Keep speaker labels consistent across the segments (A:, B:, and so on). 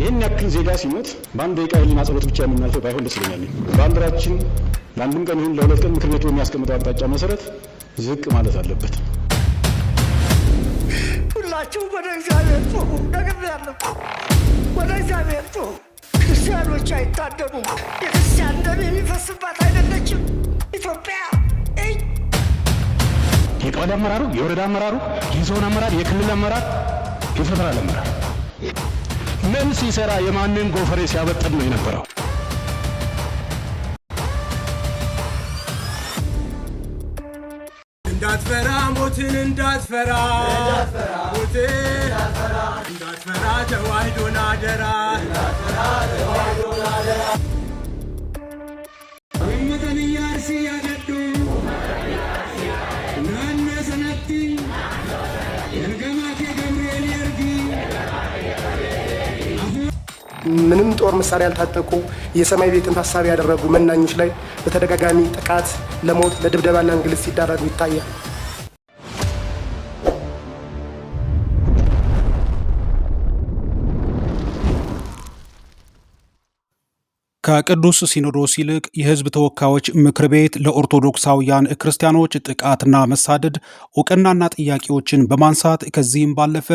A: ይህን ያክል ዜጋ ሲሞት በአንድ ደቂቃ ህሊና ጸሎት ብቻ የምናልፈው ባይሆን ደስ ይለኛል። ባንዲራችን ለአንድም ቀን ይሁን ለሁለት ቀን ምክር ቤቱ የሚያስቀምጠው አቅጣጫ መሰረት ዝቅ ማለት አለበት።
B: ሁላችሁ ወደ እግዚአብሔር ጩ ደግም ያለ ወደ እግዚአብሔር ጩ ክርስቲያኖች አይታደሙ የክርስቲያን ደም የሚፈስባት አይደለችም ኢትዮጵያ።
A: የቀበሌ አመራሩ፣ የወረዳ አመራሩ፣ የዞን አመራር፣ የክልል አመራር፣ የፌደራል አመራር ምን ሲሰራ የማንን ጎፈሬ ሲያበጥር ነው የነበረው?
C: እንዳትፈራ ሞትን እንዳትፈራ እንዳትፈራ ተዋህዶን አደራ
D: ምንም ጦር መሳሪያ ያልታጠቁ የሰማይ ቤትን ታሳቢ ያደረጉ መናኞች ላይ በተደጋጋሚ ጥቃት ለሞት ለድብደባና እንግልት ሲዳረጉ ይታያል።
E: ከቅዱስ ሲኖዶስ ይልቅ የህዝብ ተወካዮች ምክር ቤት ለኦርቶዶክሳውያን ክርስቲያኖች ጥቃትና መሳደድ እውቅናና ጥያቄዎችን በማንሳት ከዚህም ባለፈ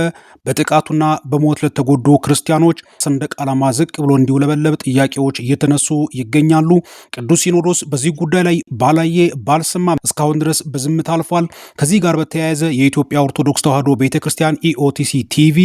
E: በጥቃቱና በሞት ለተጎዱ ክርስቲያኖች ሰንደቅ ዓላማ ዝቅ ብሎ እንዲውለበለብ ጥያቄዎች እየተነሱ ይገኛሉ። ቅዱስ ሲኖዶስ በዚህ ጉዳይ ላይ ባላየ ባልሰማ እስካሁን ድረስ በዝምታ አልፏል። ከዚህ ጋር በተያያዘ የኢትዮጵያ ኦርቶዶክስ ተዋሕዶ ቤተ ክርስቲያን ኢኦቲሲ ቲቪ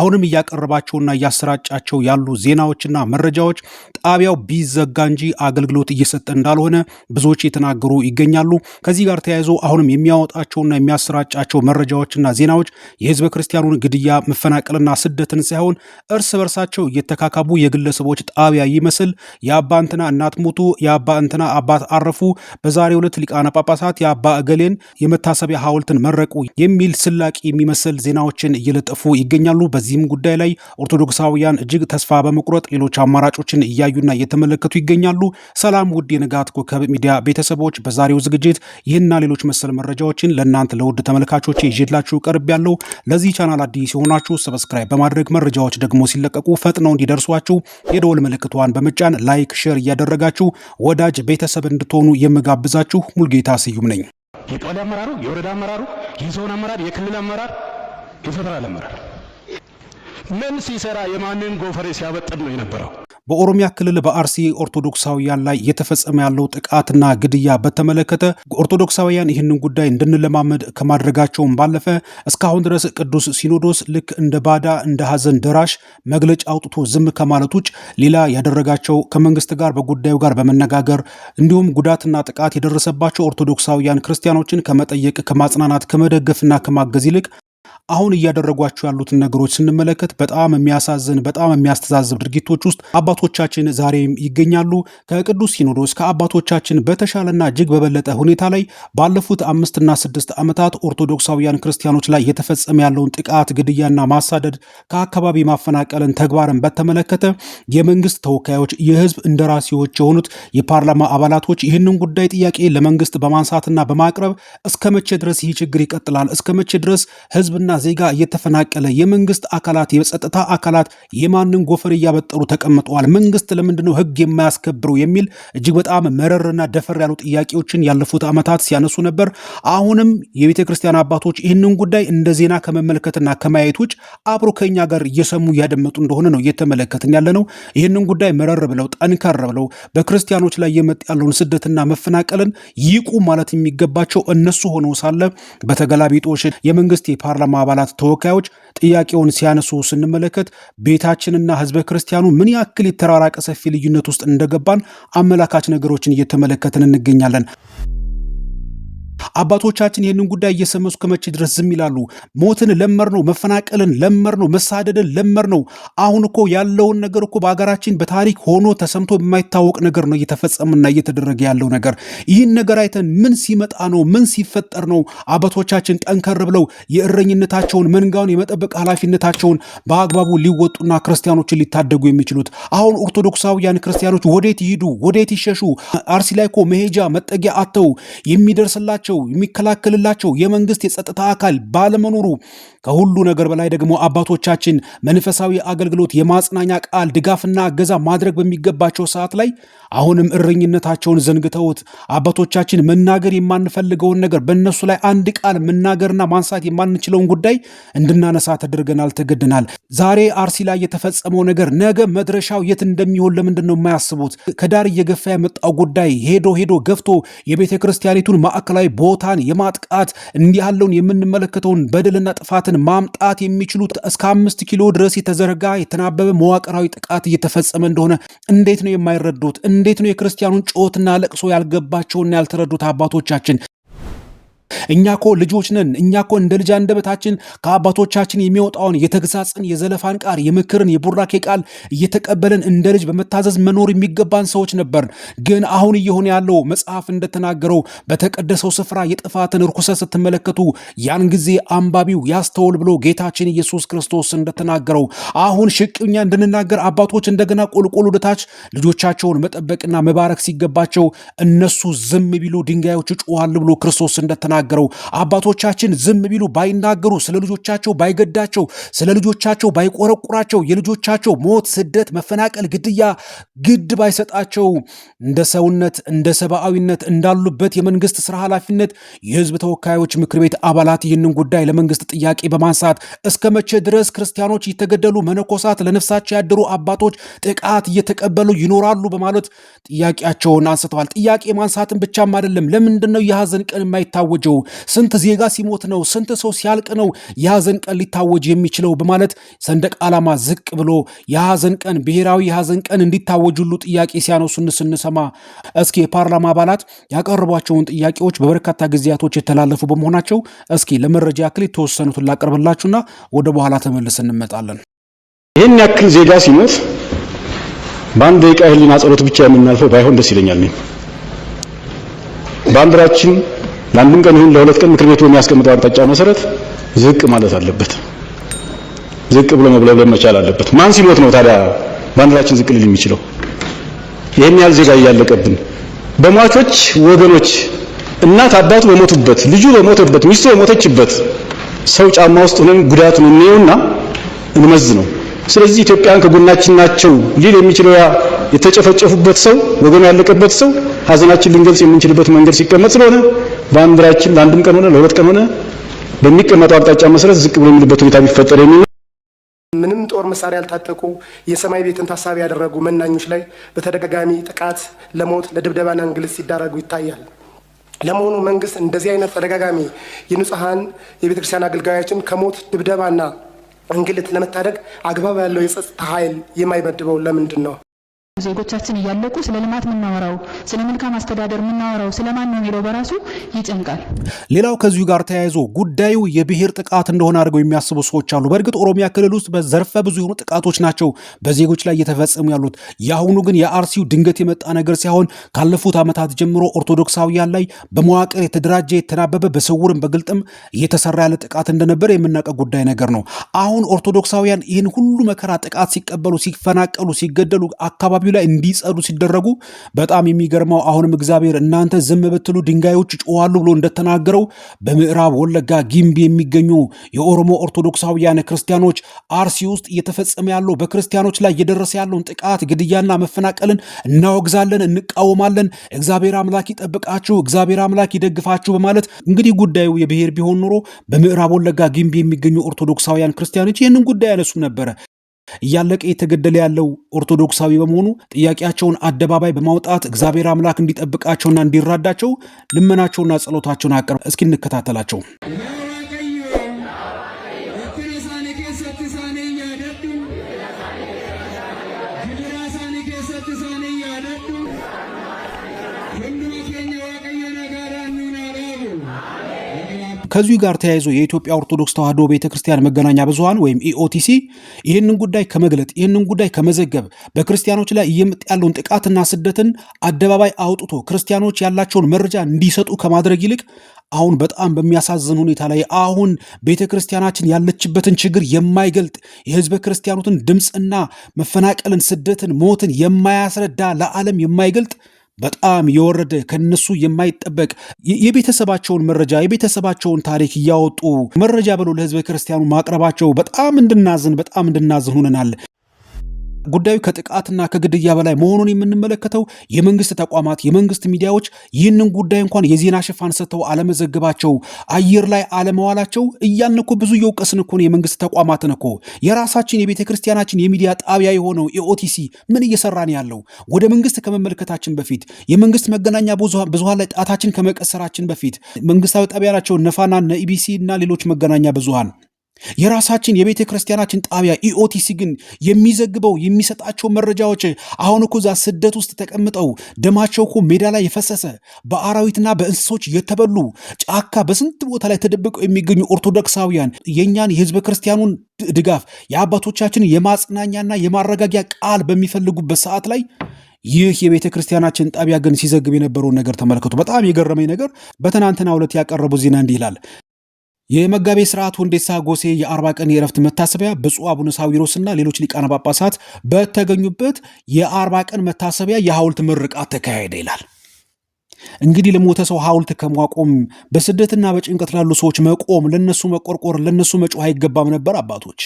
E: አሁንም እያቀረባቸውና እያሰራጫቸው ያሉ ዜናዎችና መረጃዎች ጣቢያው ቢዘጋ እንጂ አገልግሎት እየሰጠ እንዳልሆነ ብዙዎች የተናገሩ ይገኛሉ። ከዚህ ጋር ተያይዞ አሁንም የሚያወጣቸውና የሚያሰራጫቸው መረጃዎችና ዜናዎች የህዝበ ክርስቲያኑን ግድያ፣ መፈናቀልና ስደትን ሳይሆን እርስ በርሳቸው እየተካካቡ የግለሰቦች ጣቢያ ይመስል የአባ እንትና እናት ሞቱ፣ የአባ እንትና አባት አረፉ፣ በዛሬው ዕለት ሊቃነ ጳጳሳት የአባ እገሌን የመታሰቢያ ሐውልትን መረቁ የሚል ስላቂ የሚመስል ዜናዎችን እየለጠፉ ይገኛሉ። በዚህም ጉዳይ ላይ ኦርቶዶክሳውያን እጅግ ተስፋ በመቁረጥ ሌሎች አማራጮችን እያዩና እየተመ እየተመለከቱ ይገኛሉ። ሰላም ውድ የንጋት ኮከብ ሚዲያ ቤተሰቦች፣ በዛሬው ዝግጅት ይህና ሌሎች መሰል መረጃዎችን ለእናንተ ለውድ ተመልካቾች ይዤላችሁ ቀርብ ያለው። ለዚህ ቻናል አዲስ የሆናችሁ ሰብስክራይብ በማድረግ መረጃዎች ደግሞ ሲለቀቁ ፈጥነው እንዲደርሷችሁ የደወል ምልክቷን በመጫን ላይክ፣ ሼር እያደረጋችሁ ወዳጅ ቤተሰብ እንድትሆኑ የምጋብዛችሁ ሙልጌታ ስዩም ነኝ።
A: የቀበሌ አመራሩ፣ የወረዳ አመራሩ፣ የዞን አመራር፣ የክልል አመራር፣ የፌደራል አመራር ምን ሲሰራ የማንን ጎፈሬ ሲያበጥር ነው የነበረው?
E: በኦሮሚያ ክልል በአርሲ ኦርቶዶክሳውያን ላይ እየተፈጸመ ያለው ጥቃትና ግድያ በተመለከተ ኦርቶዶክሳውያን ይህንን ጉዳይ እንድንለማመድ ከማድረጋቸውም ባለፈ እስካሁን ድረስ ቅዱስ ሲኖዶስ ልክ እንደ ባዳ እንደ ሀዘን ደራሽ መግለጫ አውጥቶ ዝም ከማለት ውጭ ሌላ ያደረጋቸው ከመንግስት ጋር በጉዳዩ ጋር በመነጋገር እንዲሁም ጉዳትና ጥቃት የደረሰባቸው ኦርቶዶክሳውያን ክርስቲያኖችን ከመጠየቅ ከማጽናናት ከመደገፍና ከማገዝ ይልቅ አሁን እያደረጓቸው ያሉትን ነገሮች ስንመለከት በጣም የሚያሳዝን በጣም የሚያስተዛዝብ ድርጊቶች ውስጥ አባቶቻችን ዛሬም ይገኛሉ። ከቅዱስ ሲኖዶስ ከአባቶቻችን በተሻለና እጅግ በበለጠ ሁኔታ ላይ ባለፉት አምስትና ስድስት ዓመታት ኦርቶዶክሳውያን ክርስቲያኖች ላይ የተፈጸመ ያለውን ጥቃት፣ ግድያና ማሳደድ ከአካባቢ ማፈናቀልን ተግባርን በተመለከተ የመንግስት ተወካዮች፣ የህዝብ እንደራሴዎች የሆኑት የፓርላማ አባላቶች ይህንን ጉዳይ ጥያቄ ለመንግስት በማንሳትና በማቅረብ እስከ መቼ ድረስ ይህ ችግር ይቀጥላል? እስከ መቼ ድረስ ህዝብና ዜጋ እየተፈናቀለ የመንግስት አካላት የጸጥታ አካላት የማንን ጎፈር እያበጠሩ ተቀምጠዋል፣ መንግስት ለምንድነው ህግ የማያስከብረው የሚል እጅግ በጣም መረርና ደፈር ያሉ ጥያቄዎችን ያለፉት ዓመታት ሲያነሱ ነበር። አሁንም የቤተ ክርስቲያን አባቶች ይህንን ጉዳይ እንደ ዜና ከመመልከትና ከማየት ውጭ አብሮ ከኛ ጋር እየሰሙ እያደመጡ እንደሆነ ነው እየተመለከትን ያለ ነው። ይህንን ጉዳይ መረር ብለው ጠንከር ብለው በክርስቲያኖች ላይ የመጣ ያለውን ስደትና መፈናቀልን ይቁ ማለት የሚገባቸው እነሱ ሆነው ሳለ በተገላቢጦሽ የመንግስት የፓርላማ አባላት ተወካዮች ጥያቄውን ሲያነሱ ስንመለከት ቤታችንና ህዝበ ክርስቲያኑ ምን ያክል የተራራቀ ሰፊ ልዩነት ውስጥ እንደገባን አመላካች ነገሮችን እየተመለከትን እንገኛለን። አባቶቻችን ይህንን ጉዳይ እየሰመሱ ከመቼ ድረስ ዝም ይላሉ? ሞትን ለመር ነው፣ መፈናቀልን ለመር ነው፣ መሳደድን ለመር ነው። አሁን እኮ ያለውን ነገር እኮ በሀገራችን በታሪክ ሆኖ ተሰምቶ የማይታወቅ ነገር ነው እየተፈጸመና እየተደረገ ያለው ነገር። ይህን ነገር አይተን ምን ሲመጣ ነው ምን ሲፈጠር ነው አባቶቻችን ጠንከር ብለው የእረኝነታቸውን መንጋውን የመጠበቅ ኃላፊነታቸውን በአግባቡ ሊወጡና ክርስቲያኖችን ሊታደጉ የሚችሉት? አሁን ኦርቶዶክሳውያን ክርስቲያኖች ወዴት ይሂዱ? ወዴት ይሸሹ? አርሲ ላይ እኮ መሄጃ መጠጊያ አተው የሚደርስላቸው የሚከላከልላቸው የመንግስት የጸጥታ አካል ባለመኖሩ ከሁሉ ነገር በላይ ደግሞ አባቶቻችን መንፈሳዊ አገልግሎት፣ የማጽናኛ ቃል፣ ድጋፍና እገዛ ማድረግ በሚገባቸው ሰዓት ላይ አሁንም እረኝነታቸውን ዘንግተውት አባቶቻችን መናገር የማንፈልገውን ነገር በእነሱ ላይ አንድ ቃል መናገርና ማንሳት የማንችለውን ጉዳይ እንድናነሳ ተደርገናል፣ ተገድናል። ዛሬ አርሲ ላይ የተፈጸመው ነገር ነገ መድረሻው የት እንደሚሆን ለምንድን ነው የማያስቡት? ከዳር እየገፋ የመጣው ጉዳይ ሄዶ ሄዶ ገፍቶ የቤተ ክርስቲያኒቱን ማዕከላዊ ቦታን የማጥቃት እንዲህ ያለውን የምንመለከተውን በደልና ጥፋትን ሰላምን ማምጣት የሚችሉት እስከ አምስት ኪሎ ድረስ የተዘረጋ የተናበበ መዋቅራዊ ጥቃት እየተፈጸመ እንደሆነ እንዴት ነው የማይረዱት? እንዴት ነው የክርስቲያኑን ጩኸትና ለቅሶ ያልገባቸውና ያልተረዱት አባቶቻችን? እኛ ኮ ልጆች ነን። እኛ ኮ እንደ ልጅ አንደበታችን ከአባቶቻችን የሚወጣውን የተግሳጽን፣ የዘለፋን ቃል፣ የምክርን፣ የቡራኬ ቃል እየተቀበለን እንደ ልጅ በመታዘዝ መኖር የሚገባን ሰዎች ነበር። ግን አሁን እየሆነ ያለው መጽሐፍ እንደተናገረው በተቀደሰው ስፍራ የጥፋትን ርኩሰት ስትመለከቱ ያን ጊዜ አንባቢው ያስተውል ብሎ ጌታችን ኢየሱስ ክርስቶስ እንደተናገረው አሁን ሽቅኛ እንድንናገር አባቶች እንደገና ቁልቁል ወደታች ልጆቻቸውን መጠበቅና መባረክ ሲገባቸው እነሱ ዝም ቢሉ ድንጋዮች ይጮኻሉ ብሎ ክርስቶስ እንደተናገረው የተናገረው። አባቶቻችን ዝም ቢሉ ባይናገሩ፣ ስለ ልጆቻቸው ባይገዳቸው፣ ስለ ልጆቻቸው ባይቆረቁራቸው፣ የልጆቻቸው ሞት፣ ስደት፣ መፈናቀል፣ ግድያ ግድ ባይሰጣቸው እንደ ሰውነት እንደ ሰብአዊነት እንዳሉበት የመንግስት ስራ ኃላፊነት የህዝብ ተወካዮች ምክር ቤት አባላት ይህንን ጉዳይ ለመንግስት ጥያቄ በማንሳት እስከ መቼ ድረስ ክርስቲያኖች እየተገደሉ መነኮሳት ለነፍሳቸው ያደሩ አባቶች ጥቃት እየተቀበሉ ይኖራሉ በማለት ጥያቄያቸውን አንስተዋል። ጥያቄ ማንሳትን ብቻም አይደለም። ለምንድን ነው የሀዘን ቀን የማይታወጀው? የሚታወጀው? ስንት ዜጋ ሲሞት ነው? ስንት ሰው ሲያልቅ ነው የሐዘን ቀን ሊታወጅ የሚችለው? በማለት ሰንደቅ ዓላማ ዝቅ ብሎ የሐዘን ቀን ብሔራዊ የሐዘን ቀን እንዲታወጅ ሁሉ ጥያቄ ሲያነሱ ስንሰማ እስኪ የፓርላማ አባላት ያቀረቧቸውን ጥያቄዎች በበርካታ ጊዜያቶች የተላለፉ በመሆናቸው እስኪ ለመረጃ ያክል የተወሰኑትን ላቀርብላችሁና ወደ በኋላ ተመልስ እንመጣለን።
A: ይህን ያክል ዜጋ ሲሞት በአንድ ደቂቃ ህሊና ጸሎት ብቻ የምናልፈው ባይሆን ደስ ይለኛል። ባንዲራችን ለአንድም ቀን ይሁን ለሁለት ቀን ምክር ቤቱ በሚያስቀምጠው አቅጣጫ መሰረት ዝቅ ማለት አለበት። ዝቅ ብሎ መብለብለብ መቻል አለበት። ማን ሲሞት ነው ታዲያ ባንዲራችን ዝቅ ሊል የሚችለው? ይህን ያህል ዜጋ እያለቀብን በሟቾች ወገኖች እናት አባቱ በሞቱበት ልጁ በሞተበት ሚስቱ በሞተችበት ሰው ጫማ ውስጥ ሆነን ጉዳቱን እንየውና እንመዝ ነው። ስለዚህ ኢትዮጵያን ከጎናችን ናቸው ሊል የሚችለው ያ የተጨፈጨፉበት ሰው ወገኑ ያለቀበት ሰው ሀዘናችን ልንገልጽ የምንችልበት መንገድ ሲቀመጥ ስለሆነ ባንዲራችን ለአንድም ቀን ሆነ ለሁለት ቀን ሆነ በሚቀመጠው አቅጣጫ መሰረት ዝቅ ብሎ የሚልበት ሁኔታ ቢፈጠር የሚል
D: ምንም ጦር መሳሪያ ያልታጠቁ የሰማይ ቤትን ታሳቢ ያደረጉ መናኞች ላይ በተደጋጋሚ ጥቃት ለሞት ለድብደባና እንግልት ሲዳረጉ ይታያል። ለመሆኑ መንግስት እንደዚህ አይነት ተደጋጋሚ የንጹሐን የቤተ ክርስቲያን አገልጋዮችን ከሞት ድብደባና እንግልት ለመታደግ አግባብ ያለው የጸጥታ ኃይል የማይመድበው ለምንድን ነው?
F: ዜጎቻችን እያለቁ ስለ ልማት የምናወራው ስለ መልካም አስተዳደር የምናወራው ስለ ማን ነው የሚለው በራሱ ይጨንቃል።
E: ሌላው ከዚሁ ጋር ተያይዞ ጉዳዩ የብሔር ጥቃት እንደሆነ አድርገው የሚያስቡ ሰዎች አሉ። በእርግጥ ኦሮሚያ ክልል ውስጥ በዘርፈ ብዙ የሆኑ ጥቃቶች ናቸው በዜጎች ላይ እየተፈጸሙ ያሉት። የአሁኑ ግን የአርሲው ድንገት የመጣ ነገር ሳይሆን ካለፉት ዓመታት ጀምሮ ኦርቶዶክሳውያን ላይ በመዋቅር የተደራጀ የተናበበ በስውርም በግልጥም እየተሰራ ያለ ጥቃት እንደነበረ የምናውቀው ጉዳይ ነገር ነው። አሁን ኦርቶዶክሳውያን ይህን ሁሉ መከራ ጥቃት ሲቀበሉ፣ ሲፈናቀሉ፣ ሲገደሉ አካባቢ አካባቢው ላይ እንዲጸዱ ሲደረጉ በጣም የሚገርመው አሁንም እግዚአብሔር እናንተ ዝም ብትሉ ድንጋዮች ይጮዋሉ ብሎ እንደተናገረው በምዕራብ ወለጋ ጊምቢ የሚገኙ የኦሮሞ ኦርቶዶክሳውያን ክርስቲያኖች አርሲ ውስጥ እየተፈጸመ ያለው በክርስቲያኖች ላይ እየደረሰ ያለውን ጥቃት፣ ግድያና መፈናቀልን እናወግዛለን፣ እንቃወማለን። እግዚአብሔር አምላክ ይጠብቃችሁ፣ እግዚአብሔር አምላክ ይደግፋችሁ በማለት እንግዲህ ጉዳዩ የብሔር ቢሆን ኖሮ በምዕራብ ወለጋ ጊምቢ የሚገኙ ኦርቶዶክሳውያን ክርስቲያኖች ይህንን ጉዳይ ያነሱ ነበረ። እያለቀ የተገደለ ያለው ኦርቶዶክሳዊ በመሆኑ ጥያቄያቸውን አደባባይ በማውጣት እግዚአብሔር አምላክ እንዲጠብቃቸውና እንዲራዳቸው ልመናቸውና ጸሎታቸውን አቅርበው እስኪ እንከታተላቸው። ከዚሁ ጋር ተያይዞ የኢትዮጵያ ኦርቶዶክስ ተዋህዶ ቤተክርስቲያን መገናኛ ብዙኃን ወይም ኢኦቲሲ e ይህንን ጉዳይ ከመግለጥ ይህንን ጉዳይ ከመዘገብ በክርስቲያኖች ላይ እየመጣ ያለውን ጥቃትና ስደትን አደባባይ አውጥቶ ክርስቲያኖች ያላቸውን መረጃ እንዲሰጡ ከማድረግ ይልቅ አሁን በጣም በሚያሳዝን ሁኔታ ላይ አሁን ቤተ ክርስቲያናችን ያለችበትን ችግር የማይገልጥ የህዝበ ክርስቲያኑትን ድምፅና መፈናቀልን፣ ስደትን፣ ሞትን የማያስረዳ ለዓለም የማይገልጥ በጣም የወረደ ከነሱ የማይጠበቅ የቤተሰባቸውን መረጃ የቤተሰባቸውን ታሪክ እያወጡ መረጃ ብሎ ለህዝበ ክርስቲያኑ ማቅረባቸው በጣም እንድናዝን በጣም እንድናዝን ሆነናል። ጉዳዩ ከጥቃትና ከግድያ በላይ መሆኑን የምንመለከተው የመንግስት ተቋማት፣ የመንግስት ሚዲያዎች ይህንን ጉዳይ እንኳን የዜና ሽፋን ሰጥተው አለመዘግባቸው አየር ላይ አለመዋላቸው እያልን እኮ ብዙ እየወቀስን እኮ ነው የመንግስት ተቋማትን እኮ የራሳችን የቤተ ክርስቲያናችን የሚዲያ ጣቢያ የሆነው የኦቲሲ ምን እየሰራን ያለው ወደ መንግስት ከመመልከታችን በፊት የመንግስት መገናኛ ብዙሃን ላይ ጣታችን ከመቀሰራችን በፊት መንግስታዊ ጣቢያ ናቸው ነፋና ነኢቢሲ እና ሌሎች መገናኛ ብዙሃን የራሳችን የቤተ ክርስቲያናችን ጣቢያ ኢኦቲሲ e ግን የሚዘግበው የሚሰጣቸው መረጃዎች አሁን እኮ እዛ ስደት ውስጥ ተቀምጠው ደማቸው እኮ ሜዳ ላይ የፈሰሰ በአራዊትና በእንስሶች የተበሉ ጫካ በስንት ቦታ ላይ ተደብቀው የሚገኙ ኦርቶዶክሳውያን የእኛን የህዝበ ክርስቲያኑን ድጋፍ የአባቶቻችን የማጽናኛና የማረጋጊያ ቃል በሚፈልጉበት ሰዓት ላይ ይህ የቤተ ክርስቲያናችን ጣቢያ ግን ሲዘግብ የነበረውን ነገር ተመልከቱ። በጣም የገረመኝ ነገር በትናንትና ዕለት ያቀረቡ ዜና እንዲህ ይላል የመጋቤ ስርዓት ወንዴሳ ጎሴ የአርባ ቀን የእረፍት መታሰቢያ ብፁዕ አቡነ ሳዊሮስና ሌሎች ሊቃነ ጳጳሳት በተገኙበት የአርባ ቀን መታሰቢያ የሐውልት ምርቃት ተካሄደ ይላል። እንግዲህ ለሞተ ሰው ሐውልት ከማቆም በስደትና በጭንቀት ላሉ ሰዎች መቆም፣ ለነሱ መቆርቆር፣ ለነሱ መጮህ አይገባም ነበር አባቶች።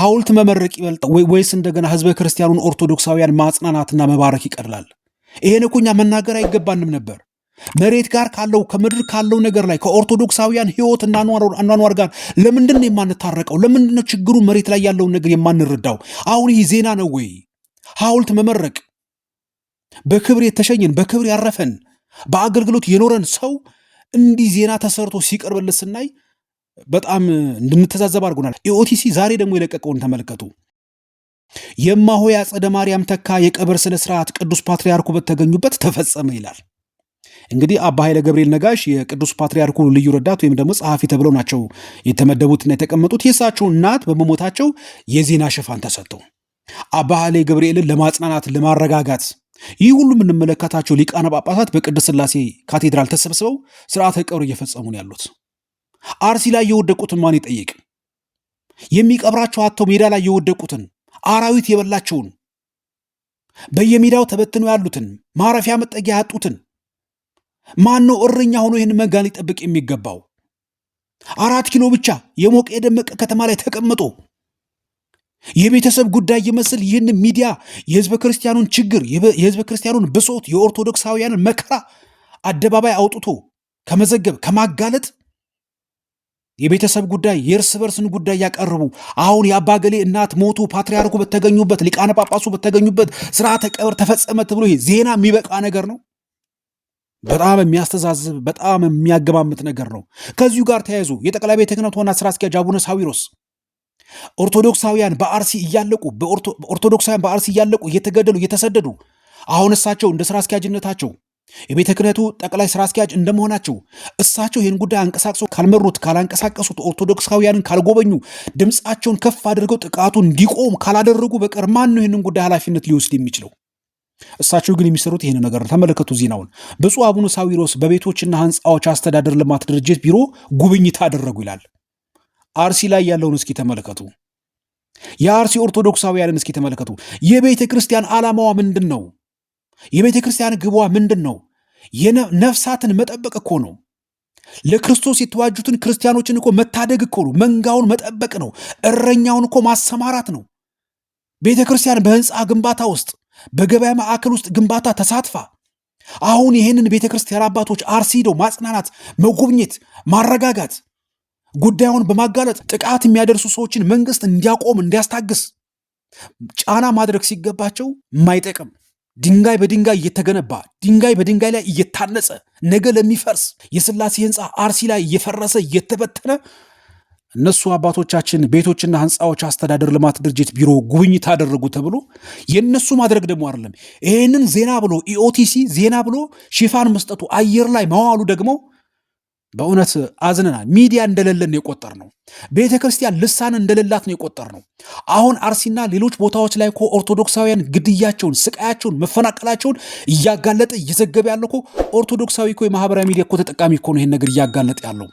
E: ሐውልት መመረቅ ይበልጥ ወይስ እንደገና ህዝበ ክርስቲያኑን ኦርቶዶክሳውያን ማጽናናትና መባረክ ይቀድላል? ይሄን እኮ እኛ መናገር አይገባንም ነበር። መሬት ጋር ካለው ከምድር ካለው ነገር ላይ ከኦርቶዶክሳውያን ህይወት እና አኗኗር ጋር ለምንድን ነው የማንታረቀው? ለምንድን ነው ችግሩ መሬት ላይ ያለውን ነገር የማንረዳው? አሁን ይህ ዜና ነው ወይ? ሐውልት መመረቅ በክብር የተሸኘን በክብር ያረፈን በአገልግሎት የኖረን ሰው እንዲህ ዜና ተሰርቶ ሲቀርብለት ስናይ በጣም እንድንተዛዘብ አድርጎናል። ኢኦቲሲ ዛሬ ደግሞ የለቀቀውን ተመልከቱ። የማሆይ አጸደ ማርያም ተካ የቀብር ስነ ስርዓት ቅዱስ ፓትርያርኩ በተገኙበት ተፈጸመ ይላል። እንግዲህ አባ ኃይለ ገብርኤል ነጋሽ የቅዱስ ፓትርያርኩ ልዩ ረዳት ወይም ደግሞ ጸሐፊ ተብለው ናቸው የተመደቡትና የተቀመጡት። የእሳቸው እናት በመሞታቸው የዜና ሽፋን ተሰጠው። አባ ኃይለ ገብርኤልን ለማጽናናት ለማረጋጋት ይህ ሁሉ የምንመለከታቸው ሊቃነ ጳጳሳት በቅድስት ስላሴ ካቴድራል ተሰብስበው ስርዓተ ቀብር እየፈጸሙ ነው ያሉት። አርሲ ላይ የወደቁትን ማን ይጠይቅ? የሚቀብራቸው አተው ሜዳ ላይ የወደቁትን አራዊት የበላቸውን በየሜዳው ተበትነው ያሉትን ማረፊያ መጠጊያ ያጡትን ማን ነው እረኛ ሆኖ ይህን መንጋ ሊጠብቅ የሚገባው? አራት ኪሎ ብቻ የሞቀ የደመቀ ከተማ ላይ ተቀምጦ የቤተሰብ ጉዳይ ይመስል ይህን ሚዲያ የህዝበ ክርስቲያኑን ችግር፣ የህዝበ ክርስቲያኑን ብሶት፣ የኦርቶዶክሳውያንን መከራ አደባባይ አውጥቶ ከመዘገብ ከማጋለጥ የቤተሰብ ጉዳይ የእርስ በርስን ጉዳይ ያቀርቡ። አሁን የአባገሌ እናት ሞቱ፣ ፓትርያርኩ በተገኙበት ሊቃነ ጳጳሱ በተገኙበት ስርዓተ ቀብር ተፈጸመ ተብሎ ዜና የሚበቃ ነገር ነው? በጣም የሚያስተዛዝብ በጣም የሚያገማምት ነገር ነው። ከዚሁ ጋር ተያይዞ የጠቅላይ ቤተ ክህነት ዋና ስራ አስኪያጅ አቡነ ሳዊሮስ ኦርቶዶክሳውያን በአርሲ እያለቁ ኦርቶዶክሳውያን በአርሲ እያለቁ እየተገደሉ እየተሰደዱ አሁን እሳቸው እንደ ስራ አስኪያጅነታቸው የቤተ ክህነቱ ጠቅላይ ስራ አስኪያጅ እንደመሆናቸው እሳቸው ይህን ጉዳይ አንቀሳቅሰው ካልመሩት ካላንቀሳቀሱት፣ ኦርቶዶክሳውያንን ካልጎበኙ፣ ድምፃቸውን ከፍ አድርገው ጥቃቱ እንዲቆም ካላደረጉ በቀር ማን ነው ይህንን ጉዳይ ኃላፊነት ሊወስድ የሚችለው? እሳቸው ግን የሚሰሩት ይህን ነገር ተመለከቱ። ዜናውን ብፁ አቡነ ሳዊሮስ በቤቶችና ህንፃዎች አስተዳደር ልማት ድርጅት ቢሮ ጉብኝት አደረጉ ይላል። አርሲ ላይ ያለውን እስኪ ተመለከቱ። የአርሲ ኦርቶዶክሳውያንን እስኪ ተመለከቱ። የቤተ ክርስቲያን ዓላማዋ ምንድን ነው? የቤተ ክርስቲያን ግቧ ምንድን ነው? ነፍሳትን መጠበቅ እኮ ነው። ለክርስቶስ የተዋጁትን ክርስቲያኖችን እኮ መታደግ እኮ ነው። መንጋውን መጠበቅ ነው። እረኛውን እኮ ማሰማራት ነው። ቤተ ክርስቲያን በህንፃ ግንባታ ውስጥ በገበያ ማዕከል ውስጥ ግንባታ ተሳትፋ አሁን ይህንን ቤተ ክርስቲያን አባቶች አርሲዶ ማጽናናት፣ መጎብኘት፣ ማረጋጋት፣ ጉዳዩን በማጋለጥ ጥቃት የሚያደርሱ ሰዎችን መንግስት እንዲያቆም እንዲያስታግስ ጫና ማድረግ ሲገባቸው ማይጠቅም ድንጋይ በድንጋይ እየተገነባ ድንጋይ በድንጋይ ላይ እየታነጸ ነገ ለሚፈርስ የስላሴ ህንፃ አርሲ ላይ እየፈረሰ እየተበተነ እነሱ አባቶቻችን ቤቶችና ህንፃዎች አስተዳደር ልማት ድርጅት ቢሮ ጉብኝት አደረጉ ተብሎ የእነሱ ማድረግ ደግሞ አይደለም። ይህንን ዜና ብሎ ኢኦቲሲ ዜና ብሎ ሽፋን መስጠቱ አየር ላይ መዋሉ ደግሞ በእውነት አዝነና ሚዲያ እንደሌለን የቆጠር ነው። ቤተ ክርስቲያን ልሳን እንደሌላት ነው የቆጠር ነው። አሁን አርሲና ሌሎች ቦታዎች ላይ እኮ ኦርቶዶክሳውያን ግድያቸውን፣ ስቃያቸውን፣ መፈናቀላቸውን እያጋለጠ እየዘገበ ያለው እኮ ኦርቶዶክሳዊ እኮ የማህበራዊ ሚዲያ እኮ ተጠቃሚ እኮ ነው ይሄን ነገር እያጋለጠ ያለው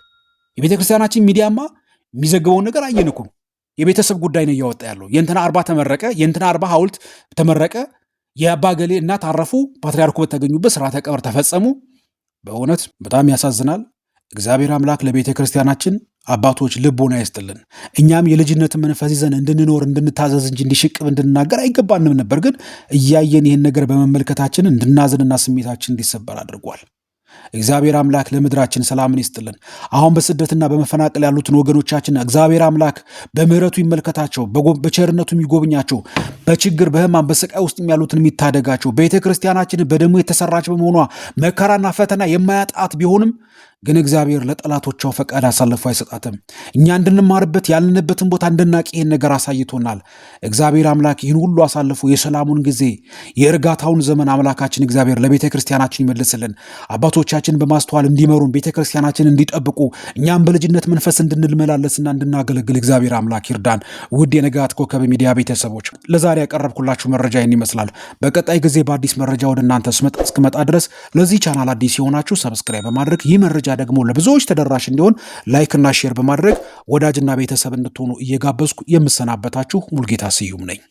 E: የቤተ ክርስቲያናችን ሚዲያማ የሚዘግበውን ነገር አየን እኮ የቤተሰብ ጉዳይ ነው እያወጣ ያለው። የእንትና አርባ ተመረቀ፣ የእንትና አርባ ሐውልት ተመረቀ፣ የአባገሌ እናት አረፉ፣ ፓትሪያርኩ በተገኙበት ስርዓተ ቀብር ተፈጸሙ። በእውነት በጣም ያሳዝናል። እግዚአብሔር አምላክ ለቤተ ክርስቲያናችን አባቶች ልቦና ይስጥልን። እኛም የልጅነት መንፈስ ይዘን እንድንኖር እንድንታዘዝ እንጂ እንዲሽቅብ እንድንናገር አይገባንም ነበር። ግን እያየን ይህን ነገር በመመልከታችን እንድናዝንና ስሜታችን እንዲሰበር አድርጓል። እግዚአብሔር አምላክ ለምድራችን ሰላምን ይስጥልን። አሁን በስደትና በመፈናቀል ያሉትን ወገኖቻችን እግዚአብሔር አምላክ በምሕረቱ ይመልከታቸው፣ በቸርነቱ የሚጎብኛቸው፣ በችግር በሕማም በስቃይ ውስጥ ያሉትን የሚታደጋቸው፣ ቤተ ክርስቲያናችንን በደሙ የተሰራች በመሆኗ መከራና ፈተና የማያጣት ቢሆንም ግን እግዚአብሔር ለጠላቶቿ ፈቃድ አሳልፎ አይሰጣትም። እኛ እንድንማርበት ያልንበትን ቦታ እንድናቅ ይህን ነገር አሳይቶናል። እግዚአብሔር አምላክ ይህን ሁሉ አሳልፎ የሰላሙን ጊዜ የእርጋታውን ዘመን አምላካችን እግዚአብሔር ለቤተ ክርስቲያናችን ይመልስልን። አባቶቻችን በማስተዋል እንዲመሩን፣ ቤተ ክርስቲያናችን እንዲጠብቁ፣ እኛም በልጅነት መንፈስ እንድንመላለስና እንድናገለግል እግዚአብሔር አምላክ ይርዳን። ውድ የንጋት ኮከብ ሚዲያ ቤተሰቦች ለዛሬ ያቀረብኩላችሁ መረጃ ይህን ይመስላል። በቀጣይ ጊዜ በአዲስ መረጃ ወደ እናንተ እስክመጣ ድረስ ለዚህ ቻናል አዲስ የሆናችሁ ሰብስክራይብ በማድረግ ይህ መረጃ ደግሞ ለብዙዎች ተደራሽ እንዲሆን ላይክና ሼር በማድረግ ወዳጅና ቤተሰብ እንድትሆኑ እየጋበዝኩ የምሰናበታችሁ ሙልጌታ ስዩም ነኝ።